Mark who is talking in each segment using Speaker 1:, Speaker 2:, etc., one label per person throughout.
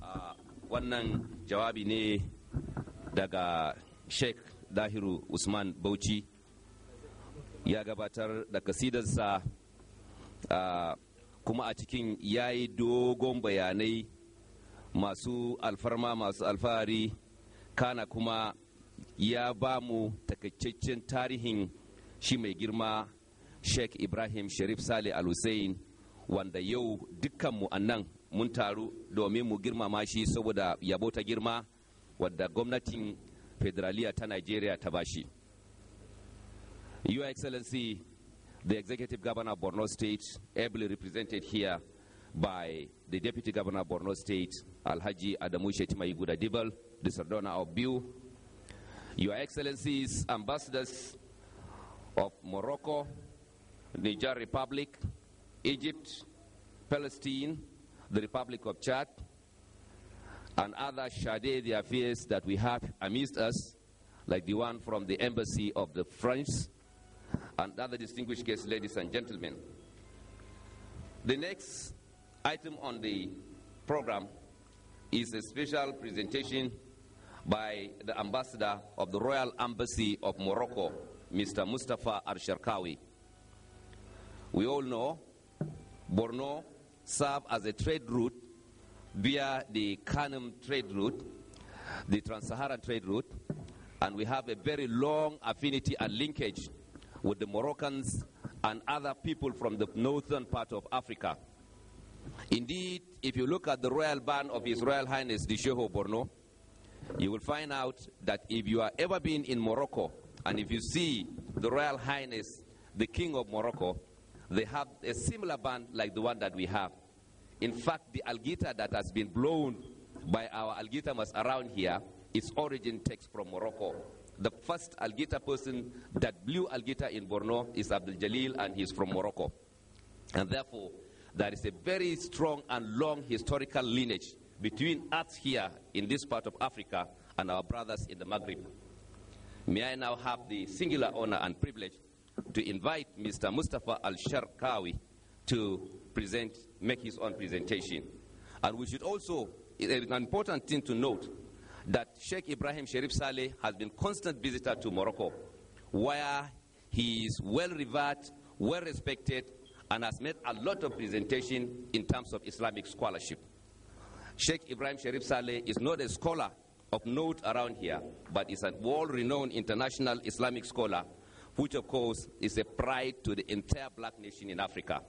Speaker 1: Ah, wannan jawabi ne daga sheikh dahiru usman bauchi ya gabatar da kasidarsa ah, kuma a cikin yayi dogon bayanai masu alfarma masu alfahari kana kuma ya ba mu takaitaccen tarihin shi mai girma sheikh ibrahim sharif saleh al hussein wanda yau dukkanmu a mun taru domin mu girmama shi saboda yabo ta girma wadda gwamnatin federaliya ta nigeria ta bashi your excellency the executive governor of borno state ably represented here by the Deputy Governor of Borno State, Alhaji Adamu Shetima Iguda the Sardona of Biu, Your Excellencies, Ambassadors of Morocco, Niger Republic, Egypt, Palestine, the Republic of Chad, and other Shade the affairs that we have amidst us, like the one from the Embassy of the French, and other distinguished guests, ladies and gentlemen. The next item on the program is a special presentation by the ambassador of the Royal Embassy of Morocco, Mr. Mustafa Arshakawi. We all know Borno served as a trade route via the Kanem trade route, the Trans-Saharan trade route, and we have a very long affinity and linkage with the Moroccans and other people from the northern part of Africa. Indeed, if you look at the royal ban of His Royal Highness the Sheikh of Borno, you will find out that if you are ever been in Morocco and if you see the Royal Highness, the King of Morocco, they have a similar ban like the one that we have. In fact, the algita that has been blown by our algitamas around here, its origin takes from Morocco. The first algita person that blew algita in Borno is Abdul Jalil, and he's from Morocco. And therefore, there is a very strong and long historical lineage between us here in this part of Africa and our brothers in the Maghreb. May I now have the singular honor and privilege to invite Mr. Mustafa Al Sharkawi to present, make his own presentation. And we should also, an important thing to note that Sheikh Ibrahim Sharif Saleh has been constant visitor to Morocco, where he is well revered, well respected, and has made a lot of presentation in terms of Islamic scholarship. Sheikh Ibrahim Sharif Saleh is not a scholar of note around here, but is a world-renowned international Islamic scholar, which of course is a pride to the entire black nation in Africa.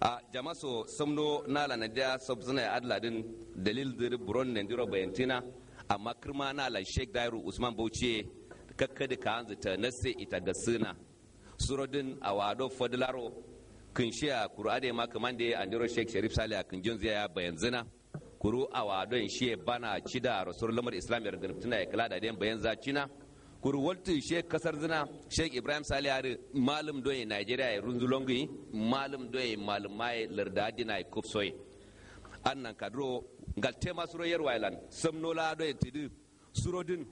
Speaker 1: Ah, Jamaso samno nala na da sabzana adladin dalil dir buron ne diro bayantina amma kirma nala Sheikh Dairu Usman Bauchi kakkade ka hanzata nasse ita gasina surodin awado fadlaro kinshiya kuru ade ma kamande andiro sheik sharif salih akin zai ya bayan zina kuru in shi bana da rasul lamar islam yar tuna ya kula da den bayan zacina kuru waltu shi kasar zina sheik ibrahim salih ari malum doye nigeria ya longi malum doye malumai larda dina ya kupsoye annan kadro ngal tema suro la samnola doye tidu surodin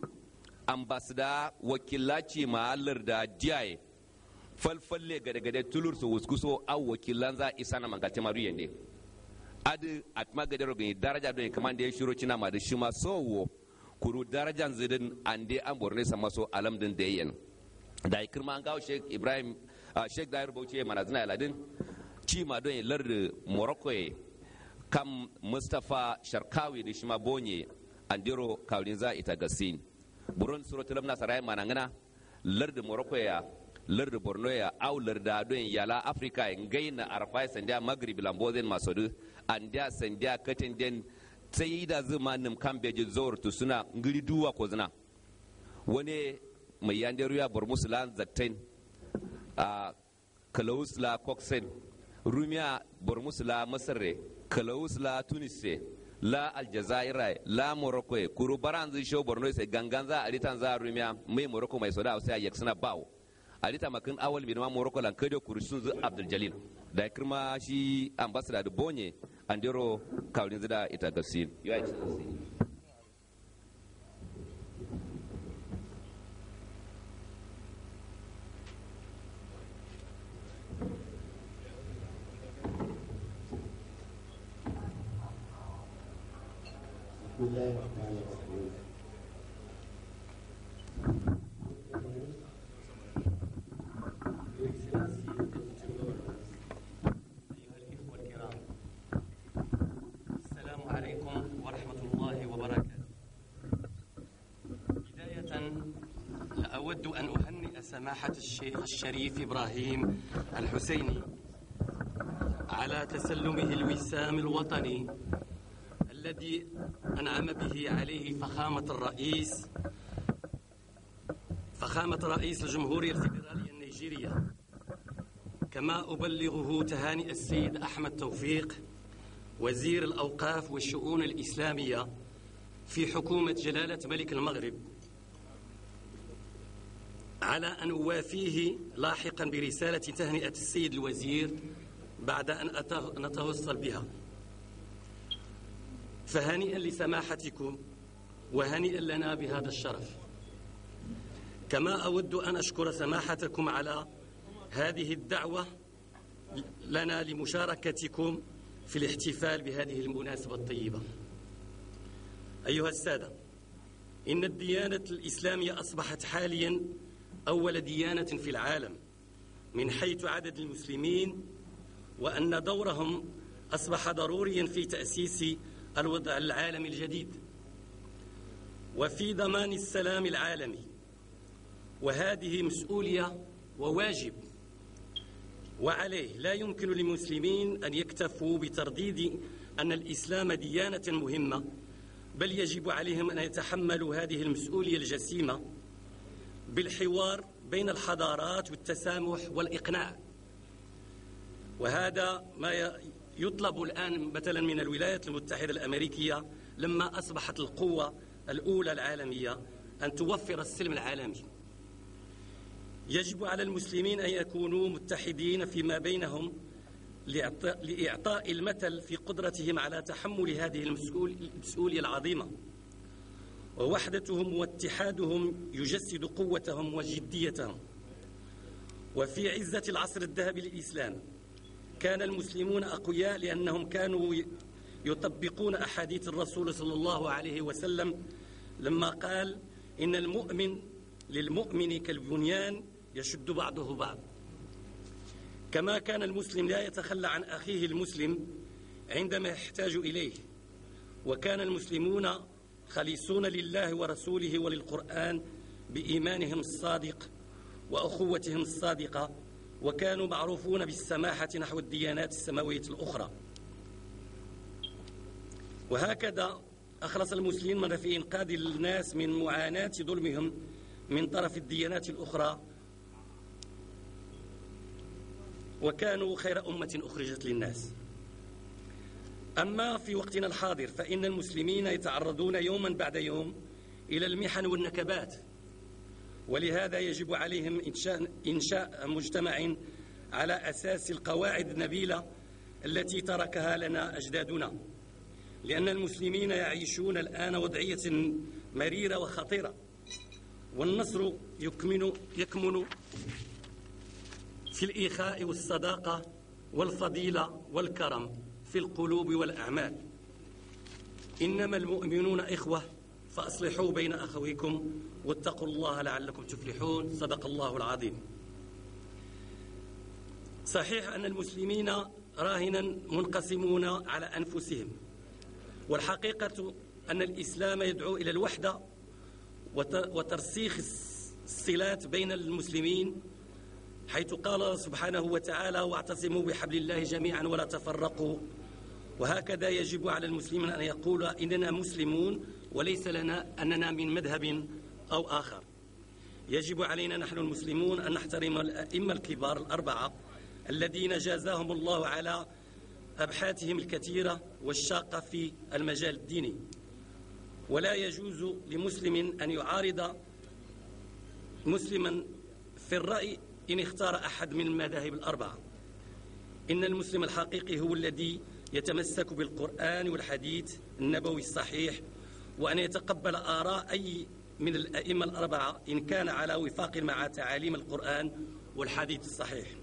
Speaker 1: ambasada wakilaci ma larda diyaye falfalle gare tulur su so wuskuso aw wakilanza isana mangalte maru yende adi atma gadaro gani daraja don ya shiro cina ma da shima so wo kuru darajan zidin ande an borne sama so alam din da yayin da kirma an gawo sheikh ibrahim ah, sheikh dair bauchi e zina aladin ci ma don lardu morocco e, kam mustapha sharkawi da shima bonye andiro za ita gasin buron suro tilamna sarai manangana lardu morocco e ya lerdo borno ya aw lerda do en yala africa en gayna arfai lambozin maghrib du an andia sandia katin den da zuma nim zuwar tu suna ngiri duwa ko zina wani mai yande ruya bormus lan zaktain a kalawus la koksen rumiya bormus la masarre kalawus la tunise la aljazaira la morocco kuru baran zai shi borno sai gangan za a ritan za rumiya mai morocco mai soda sai yaksuna bawo alita makin awal mi ma morocco lan kedo kurisun zu abdul jalil da kirma shi ambassador da bonye andero kawlin zida ita gasil
Speaker 2: your أود أن أهنئ سماحة الشيخ الشريف إبراهيم الحسيني على تسلمه الوسام الوطني الذي أنعم به عليه فخامة الرئيس فخامة رئيس الجمهورية الفيدرالية النيجيرية كما أبلغه تهاني السيد أحمد توفيق وزير الأوقاف والشؤون الإسلامية في حكومة جلالة ملك المغرب على أن أوافيه لاحقا برسالة تهنئة السيد الوزير بعد أن نتوصل بها فهنيئا لسماحتكم وهنيئا لنا بهذا الشرف كما أود أن أشكر سماحتكم على هذه الدعوة لنا لمشاركتكم في الاحتفال بهذه المناسبة الطيبة أيها السادة إن الديانة الإسلامية أصبحت حالياً أول ديانة في العالم من حيث عدد المسلمين وأن دورهم أصبح ضروريا في تأسيس الوضع العالمي الجديد وفي ضمان السلام العالمي وهذه مسؤولية وواجب وعليه لا يمكن للمسلمين أن يكتفوا بترديد أن الإسلام ديانة مهمة بل يجب عليهم أن يتحملوا هذه المسؤولية الجسيمة بالحوار بين الحضارات والتسامح والإقناع وهذا ما يطلب الآن مثلا من الولايات المتحدة الأمريكية لما أصبحت القوة الأولى العالمية أن توفر السلم العالمي يجب على المسلمين أن يكونوا متحدين فيما بينهم لإعطاء المثل في قدرتهم على تحمل هذه المسؤولية العظيمة ووحدتهم واتحادهم يجسد قوتهم وجديتهم وفي عزة العصر الذهبي للإسلام كان المسلمون أقوياء لأنهم كانوا يطبقون أحاديث الرسول صلى الله عليه وسلم لما قال إن المؤمن للمؤمن كالبنيان يشد بعضه بعض كما كان المسلم لا يتخلى عن أخيه المسلم عندما يحتاج إليه وكان المسلمون خليصون لله ورسوله وللقرآن بإيمانهم الصادق وأخوتهم الصادقة وكانوا معروفون بالسماحة نحو الديانات السماوية الأخرى وهكذا أخلص المسلمين في إنقاذ الناس من معاناة ظلمهم من طرف الديانات الأخرى وكانوا خير أمة أخرجت للناس أما في وقتنا الحاضر فإن المسلمين يتعرضون يوما بعد يوم إلى المحن والنكبات ولهذا يجب عليهم إنشاء مجتمع على أساس القواعد النبيلة التي تركها لنا أجدادنا لأن المسلمين يعيشون الآن وضعية مريرة وخطيرة والنصر يكمن يكمن في الإخاء والصداقة والفضيلة والكرم في القلوب والأعمال إنما المؤمنون إخوة فأصلحوا بين أخويكم واتقوا الله لعلكم تفلحون صدق الله العظيم صحيح أن المسلمين راهنا منقسمون على أنفسهم والحقيقة أن الإسلام يدعو إلى الوحدة وترسيخ الصلات بين المسلمين حيث قال سبحانه وتعالى واعتصموا بحبل الله جميعا ولا تفرقوا وهكذا يجب على المسلمين أن يقول إننا مسلمون وليس لنا أننا من مذهب أو آخر يجب علينا نحن المسلمون أن نحترم الأئمة الكبار الأربعة الذين جازاهم الله على أبحاثهم الكثيرة والشاقة في المجال الديني ولا يجوز لمسلم أن يعارض مسلما في الرأي إن اختار أحد من المذاهب الأربعة إن المسلم الحقيقي هو الذي يتمسك بالقرآن والحديث النبوي الصحيح وأن يتقبل آراء أي من الأئمة
Speaker 1: الأربعة إن كان على وفاق مع تعاليم القرآن والحديث الصحيح